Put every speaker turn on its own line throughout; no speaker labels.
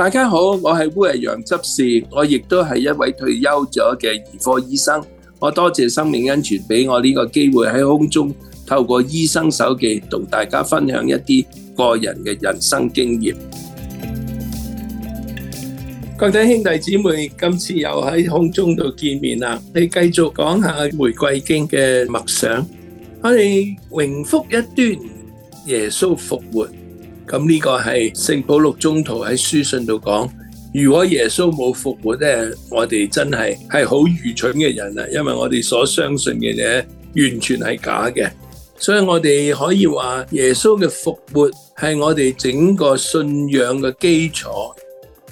大家好，我係烏羊執事，我亦都係一位退休咗嘅兒科醫生。我多謝生命恩泉俾我呢個機會喺空中透過醫生手記同大家分享一啲個人嘅人生經驗。各位兄弟姊妹，今次又喺空中度見面啦！你繼續講下玫瑰經嘅默想，我哋榮福一端，耶穌復活。咁、這、呢個係聖保禄宗徒喺書信度講，如果耶穌冇復活咧，我哋真係係好愚蠢嘅人啦，因為我哋所相信嘅嘢完全係假嘅。所以我哋可以話，耶穌嘅復活係我哋整個信仰嘅基礎，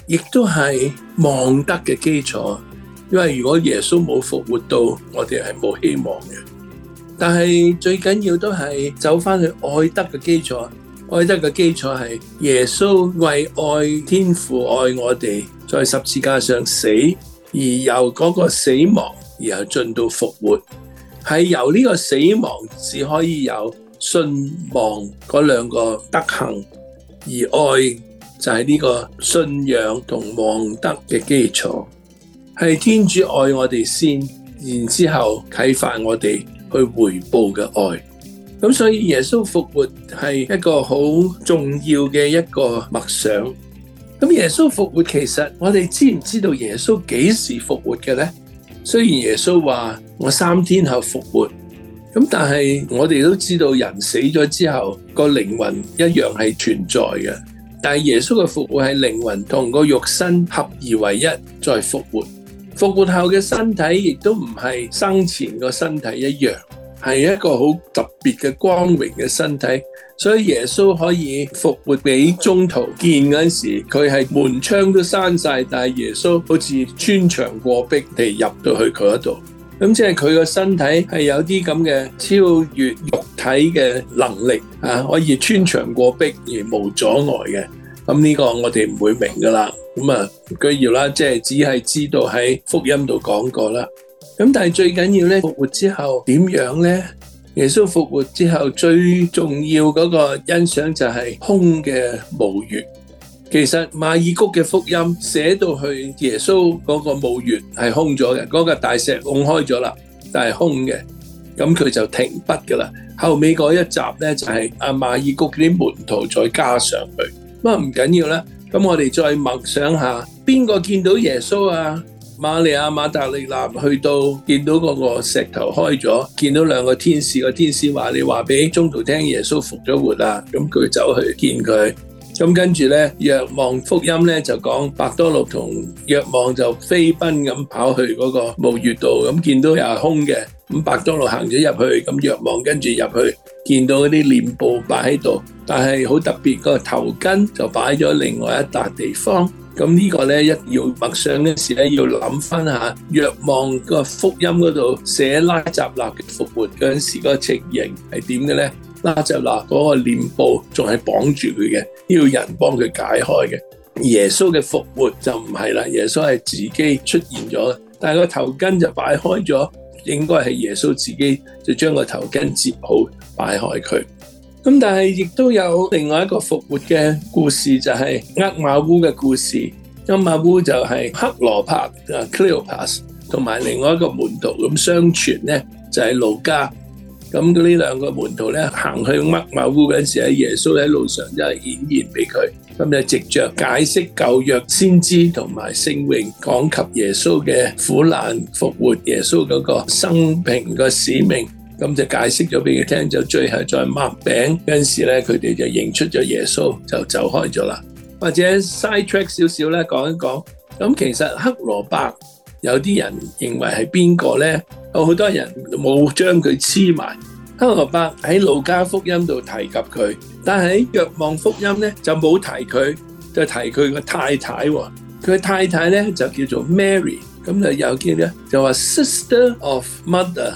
亦都係望德嘅基礎。因為如果耶穌冇復活到，我哋係冇希望嘅。但係最緊要都係走返去愛德嘅基礎。愛德嘅基礎係耶穌為愛天父愛我哋，在十字架上死，而由嗰個死亡而後進到復活，係由呢個死亡只可以有信望嗰兩個德行，而愛就係呢個信仰同望德嘅基礎，係天主愛我哋先，然之後啟發我哋去回報嘅愛。咁所以耶穌復活係一個好重要嘅一個默想。咁耶穌復活其實我哋知唔知道耶穌幾時復活嘅咧？雖然耶穌話我三天後復活，咁但係我哋都知道人死咗之後個靈魂一樣係存在嘅。但係耶穌嘅復活係靈魂同個肉身合二為一再復活。復活後嘅身體亦都唔係生前個身體一樣。係一個好特別嘅光榮嘅身體，所以耶穌可以復活俾宗徒見的時候。見嗰陣時，佢係門窗都閂晒，但係耶穌好似穿牆過壁地入到去佢嗰度，咁即係佢個身體係有啲咁嘅超越肉體嘅能力啊，可以穿牆過壁而無阻礙嘅。咁呢個我哋唔會明噶啦，咁啊，佢要啦，即係只係知道喺福音度講過啦。咁但係最緊要咧復活之後點樣咧？耶穌復活之後最重要嗰個欣賞就係空嘅墓穴。其實馬爾谷嘅福音寫到去耶穌嗰個墓穴係空咗嘅，嗰個大石拱開咗啦，但係空嘅，咁佢就停筆噶啦。後尾嗰一集咧就係阿馬爾谷啲門徒再加上佢，咁啊唔緊要啦。咁我哋再默想下，邊個見到耶穌啊？馬利亞馬達利南去到，見到個石頭開咗，見到兩個天使，個天使話：你話俾宗徒聽，耶穌復咗活啦。咁佢走去見佢，咁跟住呢若望福音呢就講，伯多祿同若望就飛奔咁跑去嗰個墓穴度，咁見到又係空嘅，咁伯多祿行咗入去，咁若望跟住入去，見到嗰啲殮布擺喺度，但係好特別個頭巾就擺咗另外一笪地方。咁呢個咧，一要默想嗰時咧，要諗翻下，若望個福音嗰度寫拉扎納嘅復活嗰陣時個情形係點嘅咧？拉扎納嗰個殮布仲係綁住佢嘅，要人幫佢解開嘅。耶穌嘅復活就唔係啦，耶穌係自己出現咗，但係個頭巾就擺開咗，應該係耶穌自己就將個頭巾接好擺開佢。咁但係亦都有另外一個復活嘅故事，就係厄瑪烏嘅故事。厄瑪烏就係克羅帕 （Cleopas） 同埋另外一個門徒。咁相傳咧就係路加。咁呢兩個門徒咧行去厄瑪烏嗰陣時，阿耶穌喺路上就係顯現俾佢，咁就藉着解釋舊約先知同埋聖詠講及耶穌嘅苦難復活，耶穌嗰個生平個使命。咁就解釋咗俾佢聽，就最後再抹餅嗰陣時咧，佢哋就認出咗耶穌，就走開咗啦。或者 side track 少少咧，講一講。咁其實黑羅伯有啲人認為係邊個咧？有好多人冇將佢黐埋。黑羅伯喺路加福音度提及佢，但喺若望福音咧就冇提佢，就提佢個太太喎。佢太太咧就叫做 Mary，咁就有啲咧就話 sister of mother。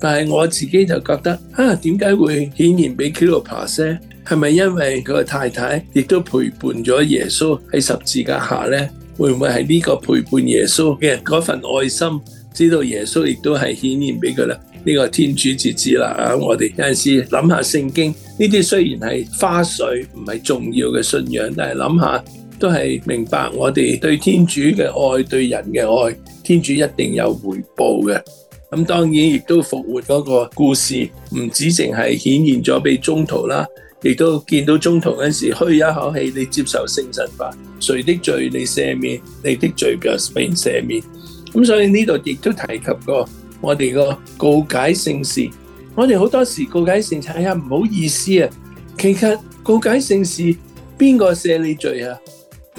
但係我自己就覺得啊，點解會顯現俾 Cleopas？係咪因為佢個太太亦都陪伴咗耶穌喺十字架下呢？會唔會係呢個陪伴耶穌嘅嗰份愛心，知道耶穌亦都係顯現俾佢啦？呢、這個天主至知啦，我哋有陣時諗下聖經，呢啲雖然係花絮，唔係重要嘅信仰，但係諗下都係明白我哋對天主嘅愛，對人嘅愛，天主一定有回報嘅。咁當然亦都復活嗰個故事，唔止淨係顯現咗俾宗徒啦，亦都見到宗徒嗰時噓一口氣，你接受聖神吧，誰的罪你赦免，你的罪就被赦免。咁所以呢度亦都提及過我哋個告解聖事，我哋好多時告解聖事，哎呀唔好意思啊，其實告解聖事邊個赦你罪啊？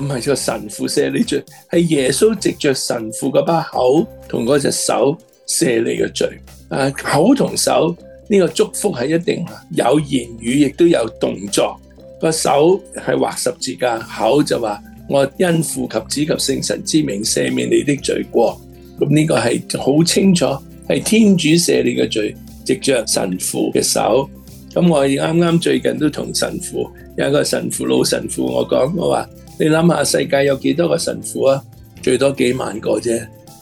唔係個神父赦你罪，係耶穌藉著神父嘅把口同嗰隻手。赦你嘅罪，啊，口同手呢個祝福係一定有言語，亦都有動作。個手係畫十字架，口就話我因父及子及聖神之名赦免你的罪過。咁呢個係好清楚，係天主赦你嘅罪，藉着神父嘅手。咁我啱啱最近都同神父有一個神父老神父，我說，我講我話，你諗下世界有幾多個神父啊？最多幾萬個啫。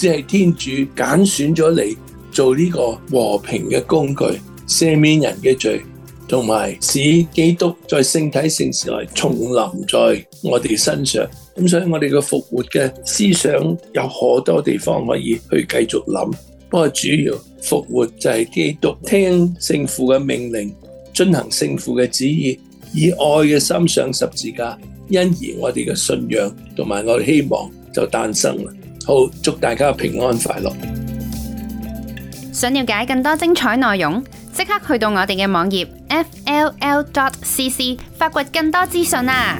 只係天主揀選咗你做呢個和平嘅工具，赦免人嘅罪，同埋使基督在聖體聖事內重臨在我哋身上。咁所以我哋嘅復活嘅思想有好多地方可以去繼續諗。不過主要復活就係基督聽聖父嘅命令，進行聖父嘅旨意，以愛嘅心上十字架，因而我哋嘅信仰同埋我哋希望就誕生啦。好，祝大家平安快樂！想了解更多精彩內容，即刻去到我哋嘅網頁 fll.cc，發掘更多資訊啊！